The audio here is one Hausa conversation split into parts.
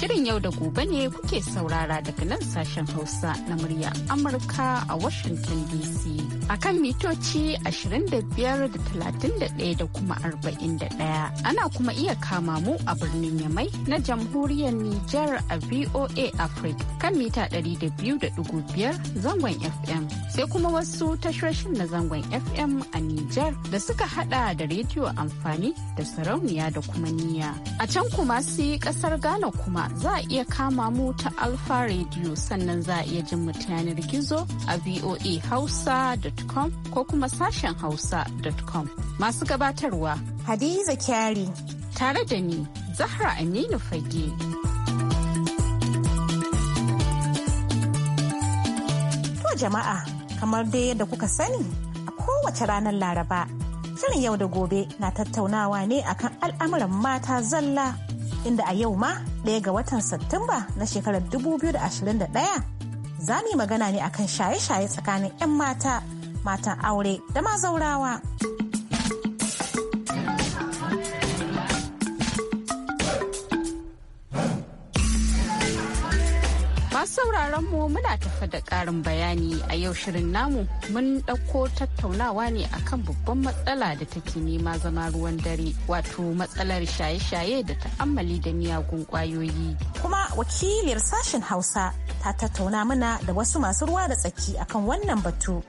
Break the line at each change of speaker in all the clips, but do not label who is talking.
Shirin yau da gobe ne kuke saurara daga nan sashen Hausa na murya Amurka a Washington DC. a kan mitoci 25 da da kuma 41. Ana kuma iya kama mu a birnin Yamai na jamhuriyar Nijar a VOA Africa kan mita 200.5 zangon FM. Sai kuma wasu tashoshin na zangon FM a Nijar da suka hada da rediyo amfani da sarauniya da kuma niya. A can kuma si kasar Ghana kuma za a iya kama mu ta Alfa Radio sannan za a iya jin mutanen gizo a VOA Hausa da hausa.com ko kuma sashen hausa.com. Masu gabatarwa Hadiza Kyari. Tare da ni
Zahra Aminu Fage. To jama'a, kamar dai yadda kuka sani a kowace ranar Laraba. Shirin yau da gobe na tattaunawa ne akan al'amuran mata zalla inda a yau ma ɗaya ga watan Satumba na shekarar 2021 za mu yi magana ne akan shaye-shaye tsakanin 'yan mata matan aure da ma zaurawa. Masu sauraron mu
muna tafa da ƙarin bayani a yau shirin namu mun ɗauko tattaunawa ne akan babban matsala da take nema zama ruwan dare wato matsalar shaye-shaye da
ta'ammali da miyagun ƙwayoyi. Kuma wakiliyar sashen Hausa ta tattauna mana da wasu masu ruwa da tsaki akan wannan batu.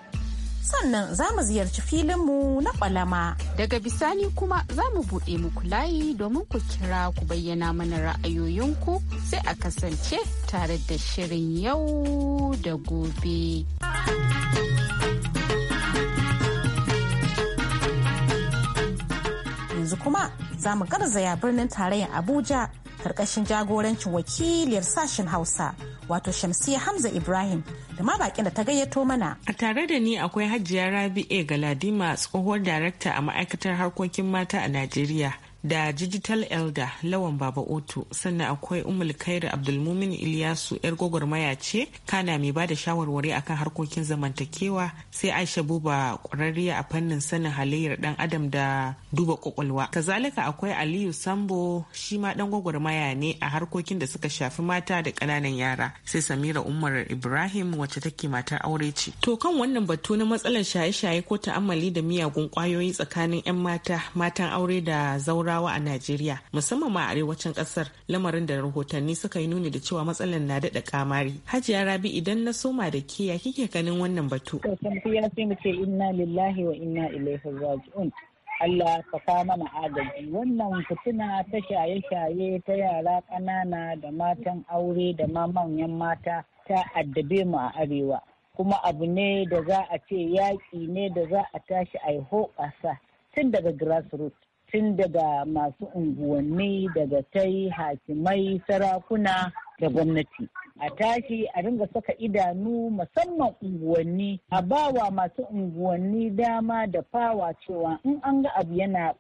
sannan za mu ziyarci filinmu na kwalama. Daga bisani kuma za mu buɗe muku layi domin ku kira
ku bayyana mana ra'ayoyinku sai a kasance tare da shirin yau
da gobe. Yanzu kuma za mu garzaya birnin tarayyar Abuja karkashin jagorancin wakiliyar sashen hausa wato shamsiya hamza ibrahim da ma bakin da ta gayyato mana
a tare da ni akwai hajiya rabi'e galadima tsohuwar darakta a ma'aikatar harkokin mata a najeriya da digital elder lawan baba Otu sannan akwai umul kairu abdulmumin ilyasu yar gwagwarmaya ce kana mai ba da shawarwari akan harkokin zamantakewa sai aisha buba ƙwararriya a fannin sanin halayyar dan adam da duba kwakwalwa kazalika akwai aliyu sambo shi ma dan gwagwarmaya ne a harkokin da suka shafi mata da ƙananan yara sai samira umar ibrahim wacce take matar aure ce to kan wannan batu na matsalar shaye-shaye ko ta'ammali da miyagun kwayoyi tsakanin 'yan mata matan aure da zaura turawa a najeriya musamman ma a arewacin kasar lamarin da rahotanni suka yi nuni da cewa matsalar na daɗa kamari hajiya rabi
idan na soma da ke ya kike ganin wannan batu ya sai mu ce inna lillahi wa inna ilaihi raji'un Allah ka sa mana agaji wannan fitina ta shaye-shaye ta yara ƙanana da matan aure da ma manyan mata ta addabe mu a arewa kuma abu ne da za a ce yaƙi ne da za a tashi a yi hoɓasa tun daga grassroots tun daga masu unguwanni daga tai hakimai sarakuna da gwamnati a tashi a ringa saka idanu musamman unguwanni a bawa masu unguwanni dama da fawa cewa in an ga abu yana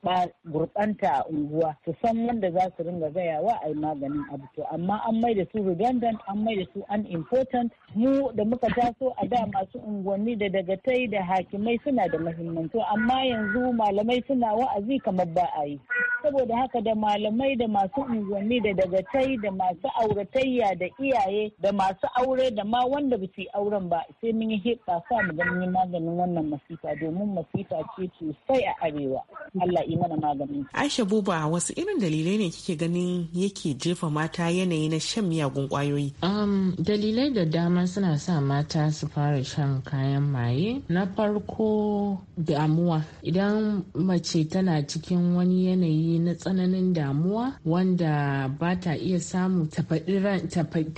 gurɓanta a unguwa su san wanda za su ringa gayawa a yi maganin abu to amma an mai da su redundant an mai da su unimportant mu da muka taso a da masu unguwanni da dagatai da hakimai suna da mahimmanci amma yanzu malamai suna wa'azi kamar ba a yi saboda haka da malamai da masu unguwanni da dagatai da masu auratayya da iyaye da masu aure da ma wanda ba su auren ba sai mun yi hiɗa sa mu ga mun maganin wannan masifa domin masifa ce sosai a arewa Allah yi mana maganin
Aisha Buba wasu irin dalilai ne kike ganin yake jefa mata yanayi na shan miyagun kwayoyi um, dalilai da dama
suna sa mata su fara shan kayan maye na farko damuwa idan mace tana cikin wani yanayi na tsananin damuwa wanda ba ta iya samu ta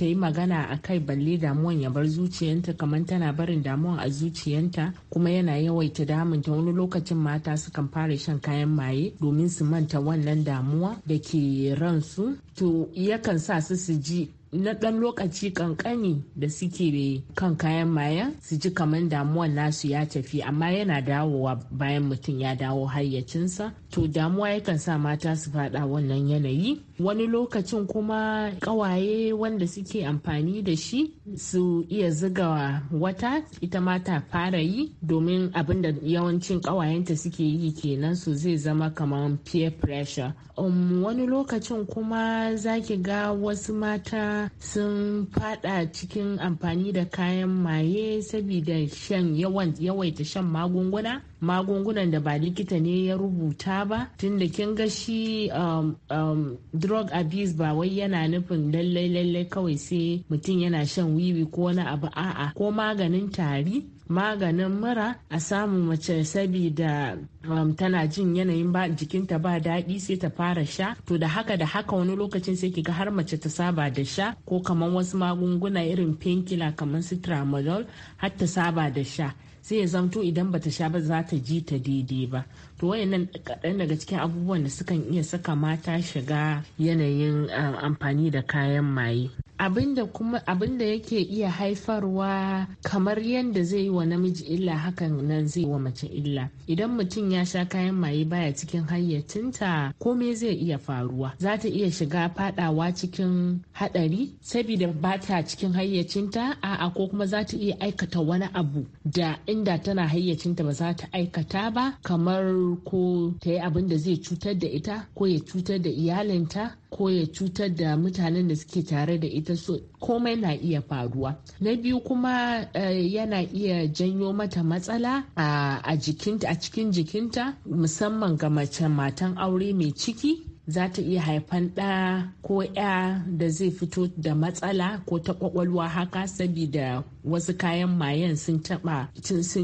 yi magana magana a kai balle damuwan ya bar zuciyanta kamar tana barin damuwan a zuciyanta kuma yana yawaita damunta wani lokacin mata sukan fara shan kayan maye domin su manta wannan damuwa da ke ransu to yakan sa su su ji na ɗan lokaci kankani da suke kan kayan maye su ji kamar damuwan nasu ya tafi amma yana dawowa bayan mutum ya dawo hayyacinsa to damuwa yakan sa mata su faɗa wannan yanayi wani lokacin kuma kawaye wanda suke amfani da shi su iya zuga wata ita ma ta fara yi domin abin da yawancin kawayenta suke yi kenan su zai zama kamar peer pressure um, wani lokacin kuma za ki ga wasu mata sun fada cikin amfani da kayan maye sabida shan yawaita shan magunguna magungunan da ba likita ne ya rubuta ba tunda kin ga shi um, um, drug abuse ba wai yana nufin lallai lallai kawai sai mutum yana shan wiwi ko wani abu a'a ko maganin tari maganin mura a samu mace sabida um, tana jin yanayin ba jikinta ba daɗi sai ta fara sha to da haka da haka wani lokacin sai kiga har mace ta saba da sha ko kamar wasu magunguna irin painkiller kamar su tramadol har ta saba da sha sai ya zamto idan bata sha ba za ta ji ta daidai ba to wayannan kaɗan daga cikin abubuwan da sukan iya saka mata shiga yanayin ah, amfani da kayan maye abinda kuma abinda yake iya haifarwa kamar yadda zai yi wa namiji illa hakan nan zai wa mace illa idan mutum ya sha kayan maye baya cikin hayyacinta komai zai iya faruwa za ta iya shiga fadawa cikin hadari saboda ba ta cikin hayyacinta a'a ko kuma za ta iya aikata wani abu da inda tana hayyacinta ba za ta aikata ba kamar farko ta yi abin da zai cutar da ita ko ya cutar da iyalinta ko ya cutar da mutanen da suke tare da ita so komai na iya faruwa na biyu kuma eh, yana iya janyo mata matsala uh, a cikin jikinta musamman ga mace matan aure mai ciki za ta iya haifan ɗa ko ya da zai fito da matsala ko ta kwakwalwa haka saboda wasu kayan mayan sun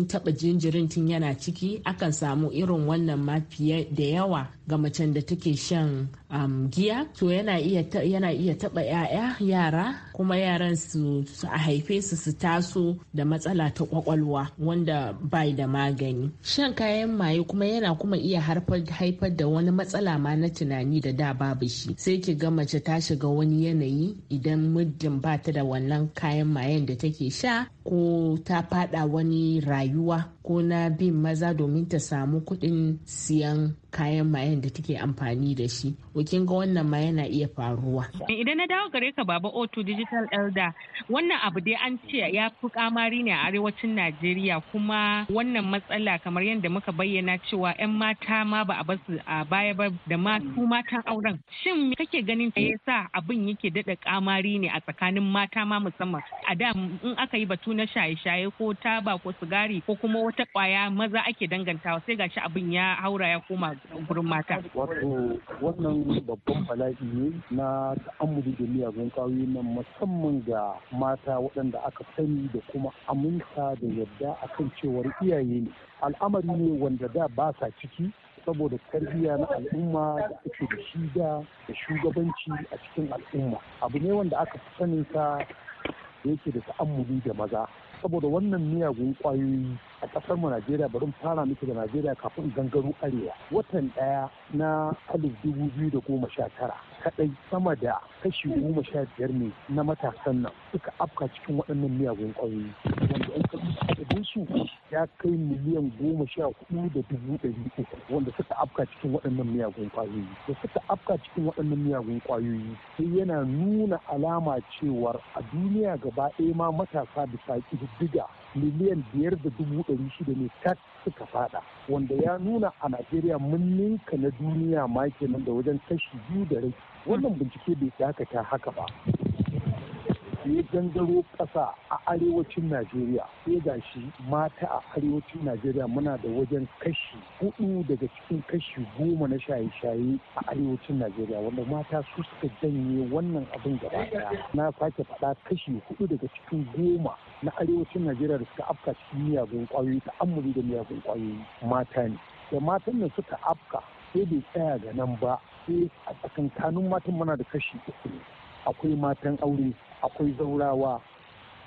taba jinjirin tun yana ciki akan samu irin wannan ma da yawa ga macen da take shan um, giya to yana iya yana iya taba yaya yara kuma yaran su a haife su su taso da matsala ta kwakwalwa wanda bai da magani shan kayan maye kuma yana kuma iya haifar da wani matsala ma na tunani amfani da da babu shi sai ki ga mace ta shiga wani yanayi idan muddin ba ta da wannan kayan mayen da take sha ko ta fada wani rayuwa ko na bin maza domin ta samu kuɗin siyan kayan mayan da take amfani da shi wakin ga wannan ma yana iya
faruwa
idan na dawo gare ka baba otu digital elder wannan abu dai an ce ya fi kamari ne a arewacin najeriya kuma wannan matsala kamar yadda muka bayyana cewa 'yan mata ma ba a basu a baya ba da ma su matan auren shin kake ganin ya yasa abin yake daɗa kamari ne a tsakanin mata ma musamman a da in aka yi batu na shaye-shaye ko taba ko sigari ko kuma wata kwaya maza ake dangantawa sai gashi abin ya haura ya koma gurin mata. Wato wannan babban bala'i ne
na ta'ammuli da miyagun kwayoyi nan musamman ga mata waɗanda aka sani da kuma aminta da yadda akan cewar iyaye ne. Al'amari ne wanda da ba sa ciki saboda tarbiyya na al'umma da ake da shiga da shugabanci a cikin al'umma abu ne wanda aka fi sanin yake da ta'ammuli da maza saboda wannan miyagun kwayoyi a kasar mu Najeriya bari mu fara miki da Najeriya kafin gangaro arewa watan daya na alif dubu biyu da goma sha tara kadai sama da kashi goma sha biyar ne na matasan nan suka afka cikin waɗannan miyagun kwayoyi su ya kai miliyan goma sha hudu da dubu ɗari uku wanda suka afka cikin waɗannan miyagun kwayoyi da suka afka cikin waɗannan miyagun kwayoyi sai yana nuna alama cewar a duniya gaba ɗaya ma matasa bisa ƙididdiga miliyan biyar da dubu ɗari shida ne kat suka fada wanda ya nuna a najeriya mun ninka na duniya ma kenan da wajen kashi biyu da rai wannan bincike bai dakata haka ba da ya gangaro ƙasa a arewacin Najeriya sai ga shi mata a arewacin Najeriya muna da wajen kashi hudu daga cikin kashi goma na shaye-shaye a arewacin Najeriya wanda mata su suka janye wannan abin gaba daya na sake faɗa kashi hudu daga cikin goma na arewacin Najeriya da suka afka cikin miyagun ƙwayoyi ta'ammuli da miyagun ƙwayoyi mata ne da matan da suka afka sai bai tsaya ga nan ba sai a tsakankanin matan muna da kashi uku akwai matan aure akwai zaurawa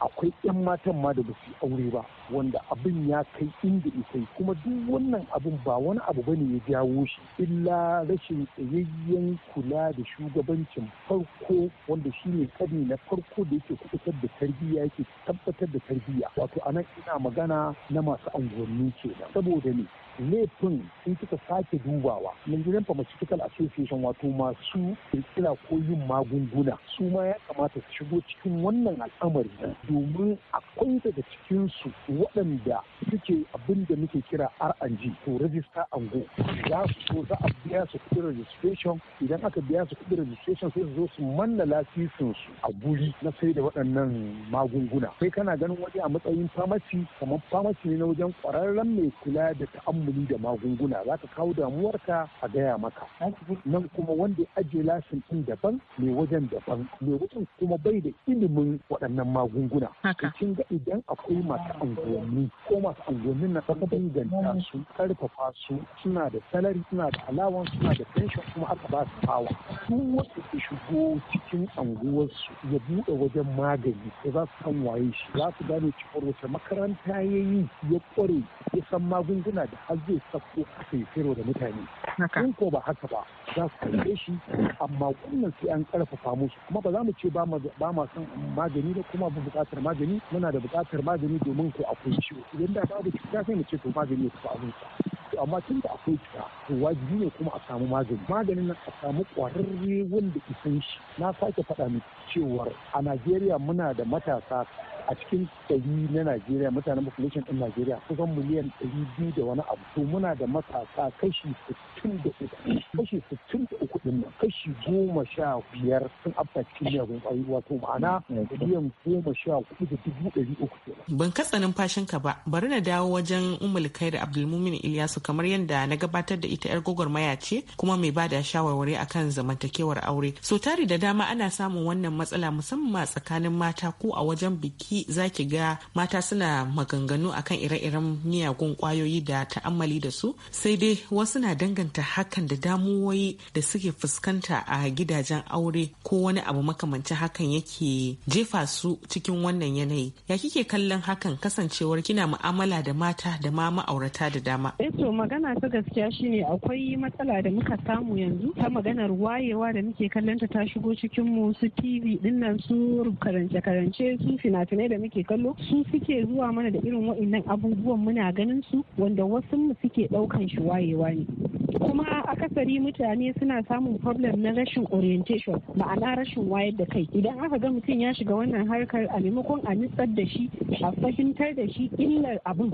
akwai 'yan matan ma da basu aure ba wanda abin ya kai inda isai kuma duk wannan abin ba wani abu bane ya jawo shi illa rashin tsayayyen kula da shugabancin farko wanda shi ne kani na farko da yake kubutar da tarbiyya yake tabbatar da tarbiyya wato anan ina magana na masu ke kenan saboda ne laifin sun kika sake dubawa nigerian pharmaceutical association wato masu kirkira ko yin magunguna su ma ya kamata su shigo cikin wannan al'amari domin akwai daga cikinsu waɗanda suke abin da muke kira R&G to register and go za su so za a biya su kuɗin registration idan aka biya su kuɗin registration sai su zo su manna lasisin su a guri na sai da waɗannan magunguna sai kana ganin waje a matsayin famasi kamar famasi ne na wajen ƙwararren mai kula da ta'ammuli da magunguna za ka kawo damuwarka a gaya maka nan kuma wanda ya ajiye lasin ɗin daban mai wajen daban mai wajen kuma bai da ilimin waɗannan magunguna. Kin ga idan akwai masu unguwanni ko masu unguwannin na ƙasa inganta su karfafa su suna da salari suna da alawan suna da pension kuma aka ba su fawa duk wanda ke shigo cikin unguwarsu ya buɗe wajen magani Ya za su san waye shi za su gane cewar wata makaranta ya yi ya ƙware ya san magunguna da har zai sako a yi da mutane. In ko ba haka ba za su karɓe shi amma wannan sai an karfafa musu kuma ba za mu ce ba ma son magani da kuma buƙatar magani muna da buƙatar magani domin ko akwai ciwo idan da babu cuta sai mu ce to magani ya tafi abin to amma tun da akwai cuta to wajibi ne kuma a samu magani maganin nan a samu kwararre wanda isan shi na sake faɗa miki cewar a Najeriya muna da matasa a cikin ɗari na najeriya mutanen population ɗin najeriya kusan miliyan ɗari biyu da wani abu to muna da matasa kashi sittin da uku kashi sittin da uku ɗin nan kashi goma sha biyar sun afta cikin miyagun ƙwayoyi wato ma'ana miliyan goma sha hudu da dubu ɗari
uku ban katsa ka ba bari na dawo wajen umul da abdulmumin ilyasu kamar yadda na gabatar da ita yar gwagwarmaya ce kuma mai bada shawarwari a kan zamantakewar aure so tari da dama ana samun wannan matsala musamman tsakanin mata ko a wajen biki ciki ki ga mata suna maganganu akan ire-iren miyagun kwayoyi da ta'ammali da su sai dai wasu na danganta hakan da damuwoyi da suke fuskanta a gidajen aure ko wani abu makamancin hakan yake jefa su cikin wannan yanayi ya kike kallon hakan kasancewar kina mu'amala da mata da ma ma'aurata da dama eto eh
magana ta gaskiya shine akwai matsala da muka samu yanzu ta maganar wayewa da muke kallon ta shigo cikin mu su tv dinnan su karance karance su fina-finai fina da muke kallo su suke zuwa mana da irin wa'annan abubuwan muna ganin su wanda wasu mu suke ɗaukan shi wayewa ne kuma akasari mutane suna samun problem na rashin orientation ma'ana rashin wayar da kai idan aka ga mutum ya shiga wannan harkar a maimakon a nitsar da shi a fahimtar da shi illar abin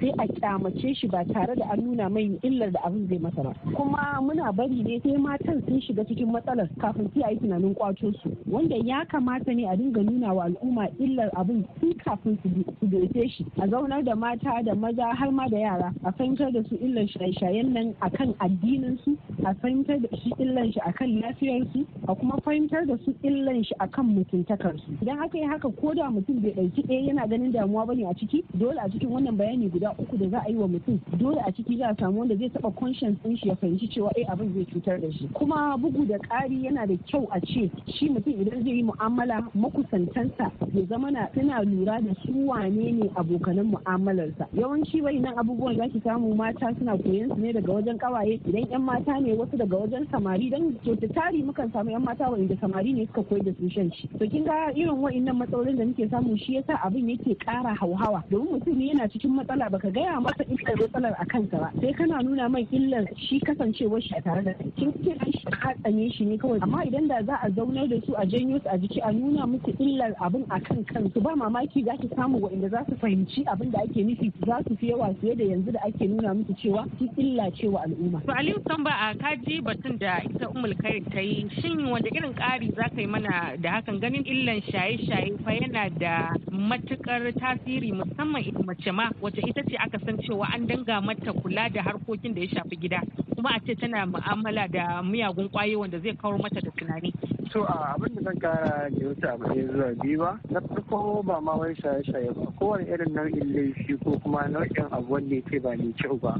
sai a kyamace shi ba tare da an nuna mai illar da abin zai masa ba kuma muna bari ne sai matan sun shiga cikin matsalar kafin sai a yi tunanin kwato su wanda ya kamata ne a dinga nuna wa al'umma illar abin sun kafin su doke shi a zaunar da mata da maza har ma da yara a fahimtar da su illar shaye-shayen nan akan addinin su a fahimtar da su illar shi akan lafiyar su a kuma fahimtar da su illar shi akan mutuntakar su idan aka yi haka ko da mutum bai ɗauki ɗaya yana ganin damuwa bane a ciki dole a cikin wannan bayani guda guda uku da za a yi wa mutum dole a ciki za a samu wanda zai taba conscience din shi ya fahimci cewa eh abin zai cutar da shi kuma bugu da ƙari yana da kyau a ce shi mutum idan zai yi mu'amala makusantansa ya zama na tana lura da su wane ne abokanan mu'amalarsa yawanci bai nan abubuwan za ki samu mata suna koyan su ne daga wajen kawaye idan yan mata ne wasu daga wajen samari dan to tari mukan samu yan mata wa'inda samari ne suka koyar da su shan shi to kin ga irin wa'innan matsalolin da muke samu shi yasa abin yake ƙara hauhawa domin mutum ne yana cikin matsala baka gaya masa ita matsalar a kansa ba sai kana nuna mai illar shi kasancewar shi a tare da kai kin kira shi ka tsane shi ne kawai amma idan da za a zaunar da su a janyo su a jiki a nuna musu illar abin a kan kansu ba mamaki za ki samu waɗanda za su fahimci abin da ake nufi za su fi yawa fiye da yanzu da ake nuna musu cewa su illa ce wa al'umma. To
Aliyu Samba a kaji batun da ita Umul kai ta yi shin wanda irin ƙari za ka yi mana da hakan ganin illan shaye-shaye fa yana da matuƙar tasiri musamman mace ma wacce ita ce aka san cewa an danga mata kula da harkokin da ya shafi gida kuma a ce tana mu'amala da miyagun kwaye wanda zai kawar mata da tunani
to a abin da zan kara da wuce abu matsayin zuwa biyu ba na farko ba ma wai shaye-shaye ba kowane irin nau'in laifi ko kuma nau'in abu wanda yake ba mai kyau ba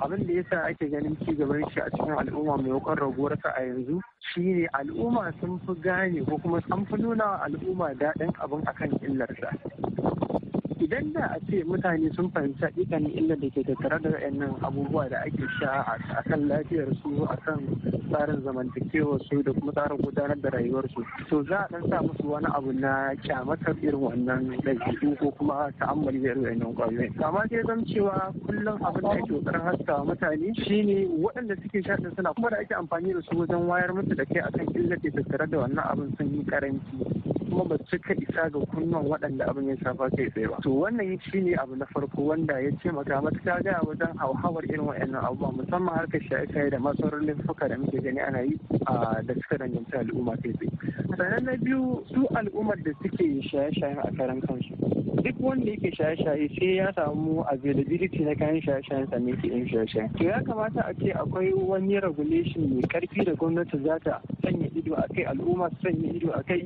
abin da yasa ake ganin ci gaban shi a cikin al'umma maimakon raguwar ta a yanzu shine al'umma sun fi gane ko kuma an fi nuna al'umma daɗin abin akan illarsa idan da a ce mutane sun fahimci hakikanin illa da ke tattare da wayannan abubuwa da ake sha a kan lafiyar su a kan tsarin zamantakewar su da kuma tsarin gudanar da rayuwar su to za a dan sa musu wani abu na kyamatar irin wannan ɗabi'u ko kuma ta'ammali da irin wannan ƙwayoyin amma sai zan cewa kullum abin da ake ƙoƙarin haskawa mutane shine waɗanda suke sha din suna kuma da ake amfani da su wajen wayar musu da kai akan illar da tattare da wannan abin sun yi karanci kuma ba cika isa ga kunnan waɗanda abin ya shafa kai tsaye ba to wannan shi ne abu na farko wanda ya ce maka matuƙa gaya wajen hauhawar irin wa'annan abubuwa musamman harkar shaye-shaye da matsalar laifuka da muke gani ana yi da suka danganci al'umma kai tsaye sannan na biyu su al'ummar da suke shaye-shayen a karan kansu duk wanda yake shaye-shaye sai ya samu availability na kayan shaye-shayen sannan ke yin shaye-shaye to ya kamata a ce akwai wani regulation mai karfi da gwamnati za ta sanya ido a kai al'umma su sanya ido a kai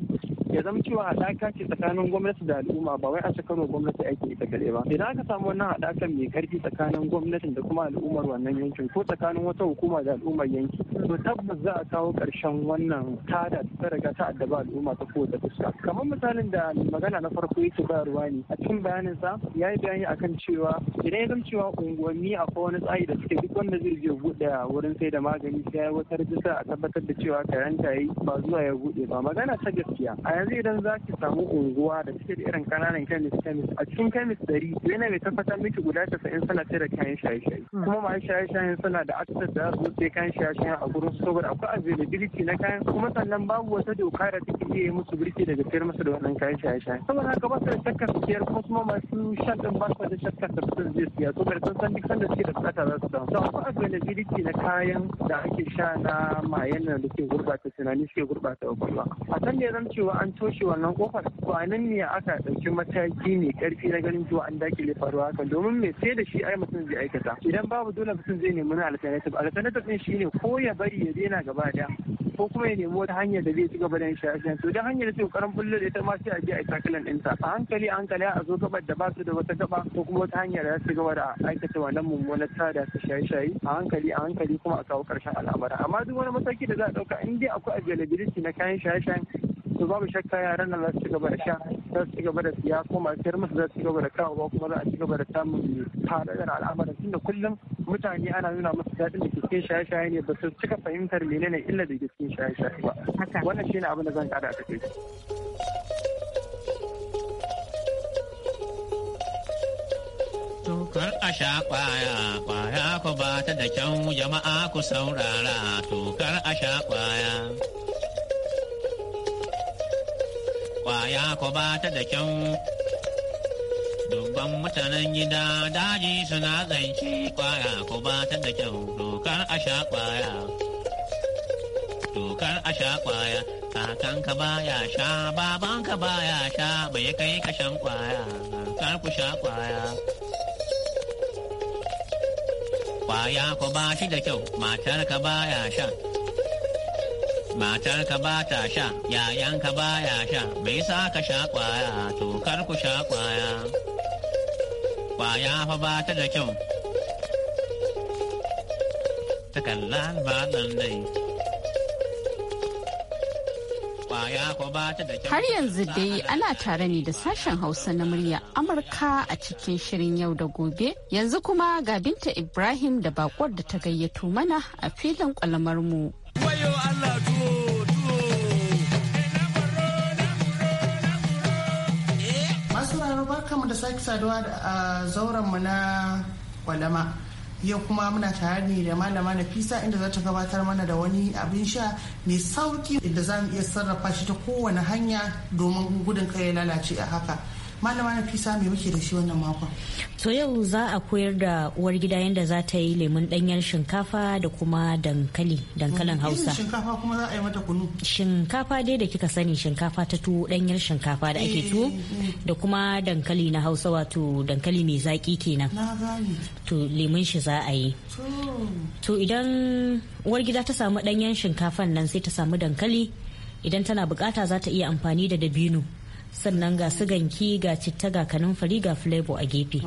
ya zama cewa haɗaka ce tsakanin gwamnati da al'umma ba wai a ce kano gwamnati ake ita kaɗai ba idan aka samu wannan haɗakan mai karfi tsakanin gwamnatin da kuma al'ummar wannan yankin ko tsakanin wata hukuma da al'ummar yanki to tabbas za a kawo ƙarshen wannan tada ta riga ta addaba al'umma ta kowace fuska kamar misalin da magana na farko yake bayarwa ne a cikin bayaninsa ya yi bayani akan cewa idan ya zama cewa unguwanni akwai wani tsari da suke duk wanda zai je buɗe wurin sai da magani sai ya wata rajista a tabbatar da cewa ta yi ba zuwa ya buɗe ba magana ta gaskiya a yanzu idan za ki samu unguwa da suke da irin kananan kemis kemis a cikin kemis ɗari yana mai tabbatar miki guda casa'in suna sai da kayan shaye-shaye hmm. kuma ma shaye-shayen suna da aksar da su sai kayan shaye-shayen a gurin su saboda akwai availability na kayan kuma sannan babu wata doka da take iya musu birki daga sayar masu da wannan kayan shaye-shaye saboda haka ba su da su kuma kuma masu shan din ba su da shakkar da su zai siya saboda sun san duk sanda suke da bukata za su dawo to akwai availability na kayan da ake sha na mayan da suke gurbata tunani suke gurbata kwakwalwa a san ne zan cewa an toshe wannan kofar a nan ne aka dauki mataki mai karfi na ganin cewa an dakile faruwa haka domin me sai da shi ai mutum zai aikata idan babu dole mutum zai nemi na alternative alternative din shine ko ya bari ya daina gaba da ko kuma ya nemi wata hanyar da zai ci gaba da yin shaye to dan hanyar sai kokarin bullo da ita ma sai a je a yi takalan ɗinta a hankali a hankali a zo gabar da ba su da wata gaba ko kuma wata hanyar da su gaba da aikata wannan mummunar tada ta shaye-shaye a hankali a hankali kuma a kawo ƙarshen al'amura amma duk wani mataki da za a ɗauka in dai akwai availability na kayan shaye-shayen to babu shakka yaran nan za su ci gaba da sha za su ci gaba da siya ko masu sayar musu za su ci gaba da kawo kuma za a ci gaba da samun faɗaɗar al'amarin tunda kullum mutane ana nuna musu daɗin da cikin shaye-shaye ne ba su cika fahimtar menene illa da cikin shaye-shaye ba wannan shi ne abin da zan kada a takaice
Tukar a sha kwaya, kwaya ku ba ta da kyau jama'a ku saurara, tukar a sha kwaya. Kwaya ku ba ta da kyau dubban mutanen gida daji suna zance kwaya ko ba ta da kyau dokar a sha kwaya dokar a sha kwaya kakanka baya sha babanka baya sha bai kai kashan kwaya kar ku sha kwaya kwaya ko ba shi da kyau matar ba baya sha Matar ka ba ta sha ka ba ya sha bai sa ka sha kwaya to kar ku sha kwaya kwaya fa ba ta da kyau ta ba ɗan dai Har yanzu
dai ana tare ne da sashen Hausa na murya Amurka a cikin shirin yau da gobe. Yanzu kuma ga binta Ibrahim da bakwar da ta gayyato mana a filin kwalamar mu.
sake saduwa a zaurenmu na kwalama yau kuma muna tare ne da malama na fisa inda za ta gabatar mana da wani abin sha mai sauki inda za mu iya sarrafa shi ta kowane hanya domin gudun kai ya lalace a haka malama na fi
me muke da shi wannan makon to yau za a koyar da uwar gida yadda za ta yi lemun danyen shinkafa da kuma dankali dankalin hausa
shinkafa kuma za a yi mata kunu
shinkafa dai da kika sani shinkafa ta tuwo danyen shinkafa da ake tuwo eh, eh, eh. da kuma dankali na hausa wato dankali mai zaƙi kenan to lemun shi za a yi to idan uwar gida ta samu danyen shinkafan nan sai ta samu dankali idan tana bukata za ta iya amfani da dabino sannan ga su ganki ga citta ga kanumfari ga flavor a gefe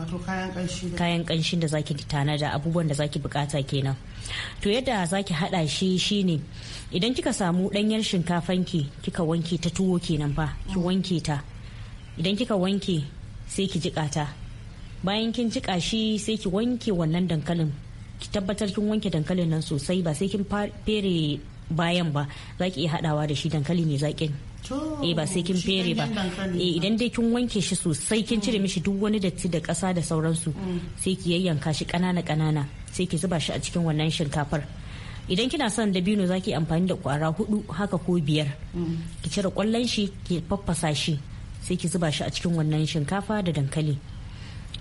kayan kanshin da zaki tanada abubuwan da zaki bukata kenan to yadda zaki hada shi shine idan kika samu danyar shinkafanki kika wanke ta tuwo kenan fa ki wanke ta idan kika wanke sai ki jika ta bayan kin jika shi sai ki wanke wannan dankalin ki tabbatar kin wanke dankalin nan sosai ba sai kin fere bayan ba zaki iya hadawa da shi dankali mai zakin eh ba sai kin fere ba eh idan dai kin wanke shi sosai kin cire mishi duk wani datti da ƙasa da sauransu mm. sai ki yayyanka shi ƙanana ƙanana sai ki zuba shi a cikin wannan shinkafar idan kina son dabino zaki amfani da kwara hudu haka ko biyar mm. ki cire kwallon shi ki faffasa shi sai ki zuba shi a cikin wannan shinkafa da dankali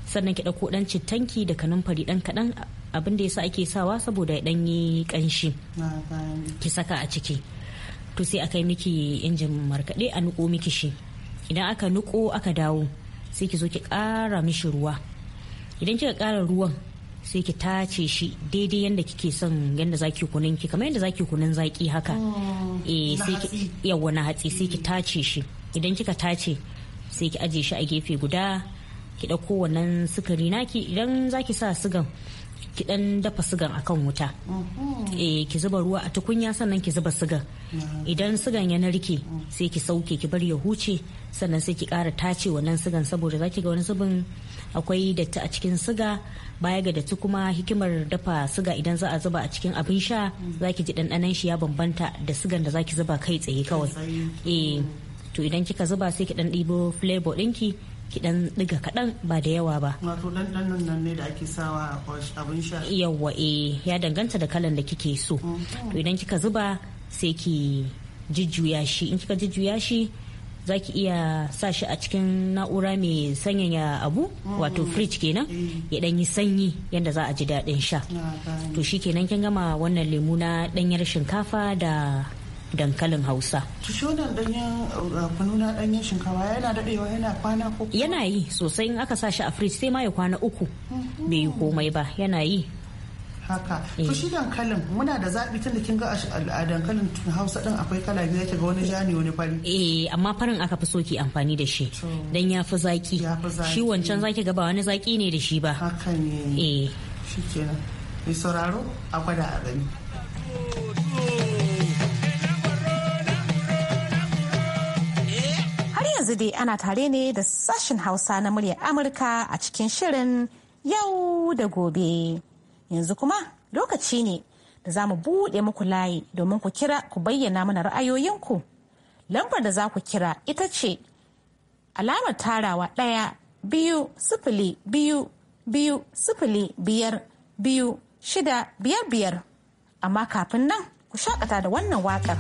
sannan ki ɗauko ɗan cittanki da kanumfari ɗan kaɗan abin da yasa ake sawa saboda ya ɗan ƙanshi ki saka a ciki to sai aka yi miki injin markaɗe a nuko miki shi idan aka nuko aka dawo sai ki zo ki ƙara mishi ruwa idan kika ƙara ruwan sai ki tace shi daidai yadda kike son yadda ki kunun ki kamar yadda za ki kunan zaki haka
oh, eh
na hatsi sai ki mm. tace shi idan kika tace sai ki ajiye shi a gefe guda ki ɗauko wannan sukari naki idan zaki sa sugan ki dan dafa sigan akan wuta mhm. eh ki zuba ruwa a tukunya sannan ki zuba sigan mhm. idan sigan ya narke mhm. sai ki sauke ki bar ya huce sannan sai ki kara tace wannan sigan saboda zaki ga wani zubin akwai datti a cikin siga baya ga datti kuma hikimar dafa siga idan za a zuba a cikin abin sha zaki ji ɗanɗanon shi ya bambanta da sigan da zaki zuba kai tsaye kawai eh to idan kika zuba sai ki dan ɗibo flavor ɗinki kidan diga kaɗan ba da yawa ba wato dan nan ne da ake sawa abin sha Yawwa eh ya danganta da kalan da kike so mm. to idan kika zuba sai ki jujjuya shi in kika jujjuya shi za ki iya sa shi a cikin na'ura mai sanyaya abu mm. wato fridge kenan eh. ya dan yi sanyi yadda za a ji daɗin sha ah, to shi kenan kin gama wannan lemu na ɗanyar shinkafa da dankalin hausa
Tushonan danyen uh, uh, kununa danyen shinkawa yana dadewa yana kwana
ko yana yi sosai in aka sa shi a fridge sai ma ya kwana uku mhm. bai yi komai ba yana yi haka Tushi eh. dankalin muna da zaɓi tun da kin ga a dankalin hausa ɗin akwai kala biyu yake ga wani ja ne wani fari eh amma farin aka fi soki amfani da shi dan ya fi zaki shi wancan zaki ga ba wani zaki ne da shi ba haka ne eh shikenan mai sauraro a gwada a gani
yanzu dai ana tare ne da sashen Hausa na muryar Amurka a cikin shirin yau da gobe. Yanzu kuma lokaci ne da za mu buɗe muku layi domin ku kira ku bayyana mana ra'ayoyinku. Lambar da za ku kira ita ce alamar tarawa ɗaya biyu sifili biyu biyu sifili biyar biyu shida biyar biyar. Amma kafin nan ku shakata da wannan waƙar.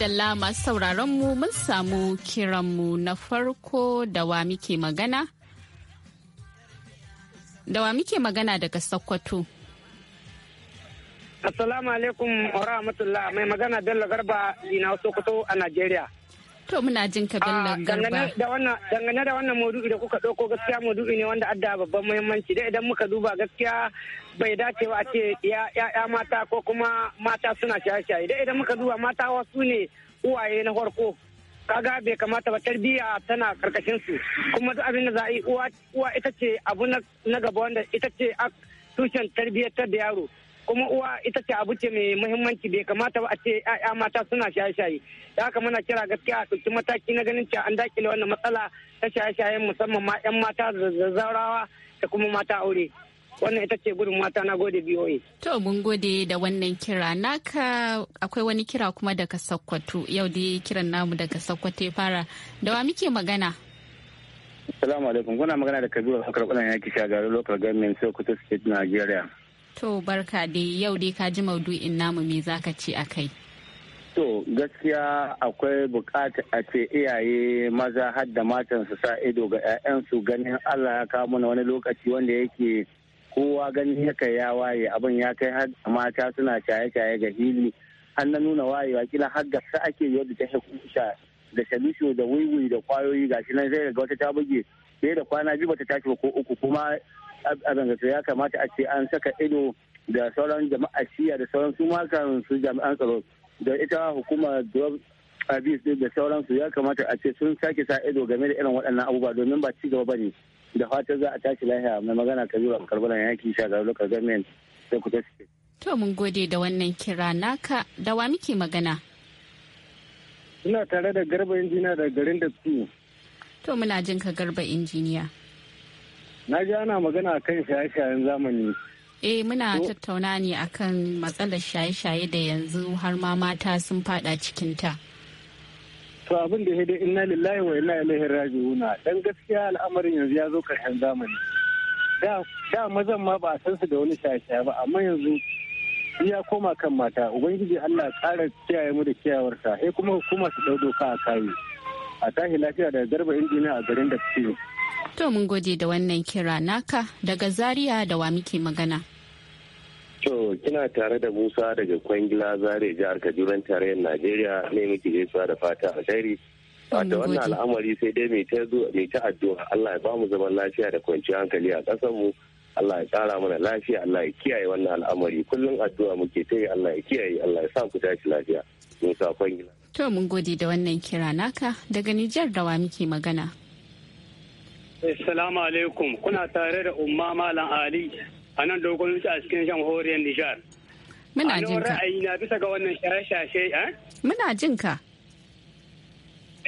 madalla masu sauraron mu mun samu kiranmu na farko da wa muke magana? Da wa muke magana daga Sokoto.
Assalamu alaikum wa rahmatullah mai magana Bello Garba ina Sokoto a nigeria.
To muna jin ka bin ah, Dangane
da wannan maudu'i da kuka ɗauko gaskiya maudu'i ne wanda adda babban muhimmanci da idan muka duba gaskiya bai dace ba a ce ya mata ko kuma mata suna shaye-shaye da idan muka duba mata wasu ne uwaye na farko kaga bai kamata ba tarbiyya tana karkashin su kuma duk abin da za a yi uwa ita ce abu na gaba wanda ita ce tushen tarbiyyar da yaro kuma uwa ita ce abu ce mai muhimmanci bai kamata ba a ce ya mata suna shaye-shaye ya haka muna kira gaskiya a ɗauki mataki na ganin cewa an dakile wannan matsala ta shaye-shaye musamman ma 'yan mata da zaurawa da kuma mata aure wannan ita ce gudun mata na gode BOA.
To mun gode da wannan kira naka akwai wani kira kuma daga Sokoto yau dai kiran namu daga Sokoto ya fara da wa muke magana.
salamu alaikum kuna magana da Kabiru kakar kudin Yaki Shagaru Local Government Sokoto State Nigeria.
To barka dai yau dai ka ji maudu'in namu me za ka ce a kai.
To gaskiya akwai bukata a ce iyaye maza har da matan su sa ido ga 'ya'yansu ganin Allah ya kawo mana wani lokaci wanda yake kowa ganin ya kai ya waye abin ya kai har mata suna shaye-shaye ga hili har na nuna wayewa kila har gasa ake yi wadda ta sha da shalisho da wiwi da kwayoyi gashi nan zai ga wata ta buge sai da kwana biyu bata tashi ko uku kuma a da ya kamata a ce an saka ido da sauran jama'a shiya da sauran su makan su jami'an tsaro da ita hukumar drug abuse da sauransu ya kamata a ce sun sake sa ido game da irin waɗannan abubuwa domin ba ci gaba bane da fatan za a tashi lahiya mai magana ka zuwa karbala yaki sha ga local government da kuta
to mun gode da wannan kira naka da wa muke magana
ina tare da garba injiniya da garin da su.
to muna jin ka garba injiniya
na ji ana magana akan shaye-shayen zamani
eh muna tattauna ne akan matsalar shaye-shaye da yanzu har ma mata sun fada cikin ta
to abin da dai inna lillahi wa inna ilaihi raji'una dan gaskiya al'amarin yanzu ya zo karshen zamani da mazan ma ba a san su da wani shaye-shaye ba amma yanzu ya koma kan mata ubangiji Allah kara kiyaye mu da kiyawarsa sai kuma hukuma su dau doka a kayi a tashi lafiya daga garba injiniya a garin da suke
To mun gode da wannan kira naka daga Zaria da wa muke magana.
To kina tare da Musa daga Kwangila Zaria jihar Kaduran tarayyar Najeriya ne muke gaisuwa da fata alheri. Wata wannan al'amari sai dai mai ta addu'a Allah ya ba mu zaman lafiya da kwanciyar hankali a ƙasar mu. Allah ya tsara mana lafiya Allah ya kiyaye wannan al'amari kullum addu'a muke ta yi Allah ya kiyaye Allah ya sa ku tashi lafiya. Musa Kwangila.
To mun gode da wannan kira naka daga Nijar da wa muke magana.
Assalamu alaikum kuna tare da umma malam Ali a nan dogon a cikin jamhuriyar Nijar. Muna jin ka. ra'ayi na bisa ga wannan shashe eh?
Muna jin ka.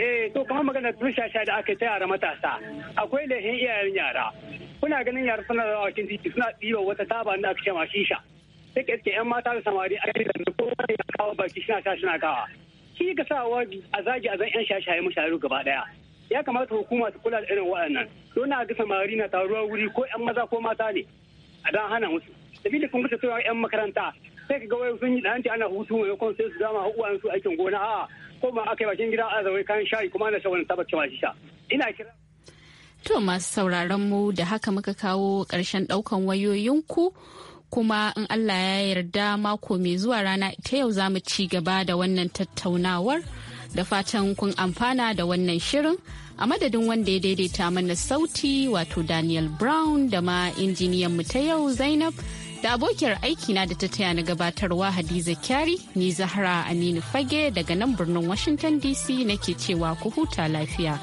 Eh to kuma magana tun shashe da aka ta yara matasa akwai lahin iyayen yara. Kuna ganin yara suna da wakin titi suna ɗiwa wata taba da aka ce ma shisha. Sai ka yan mata da samari a kai da ko wani ya kawo baki suna sha suna kawa. Shi ka sa a zagi a zan yan shashaye mu sharu gaba ɗaya. ya kamata hukuma ta kula da irin waɗannan don na ga samari na taruwa wuri ko yan maza ko mata ne a dan hana musu sabida kun kusa cewa yan makaranta sai ka ga wai sun yi ɗanci ana hutu mai kon sai su dama uwan su aikin gona a ko ma aka yi bakin gida a zawai kayan shayi kuma na shawarar tabar cewa sha ina kira
To masu sauraron mu da haka muka kawo ƙarshen ɗaukan wayoyinku kuma in Allah ya yarda mako mai zuwa rana ta yau za mu ci gaba da wannan tattaunawar da fatan kun amfana da wannan shirin. a madadin wanda ya daidaita mana sauti wato daniel brown da ma injiniyan mu ta yau zainab da abokiyar aikina da ta taya na gabatarwa hadiza kyari ni zahra aminu fage daga nan birnin washington dc nake cewa ku huta lafiya.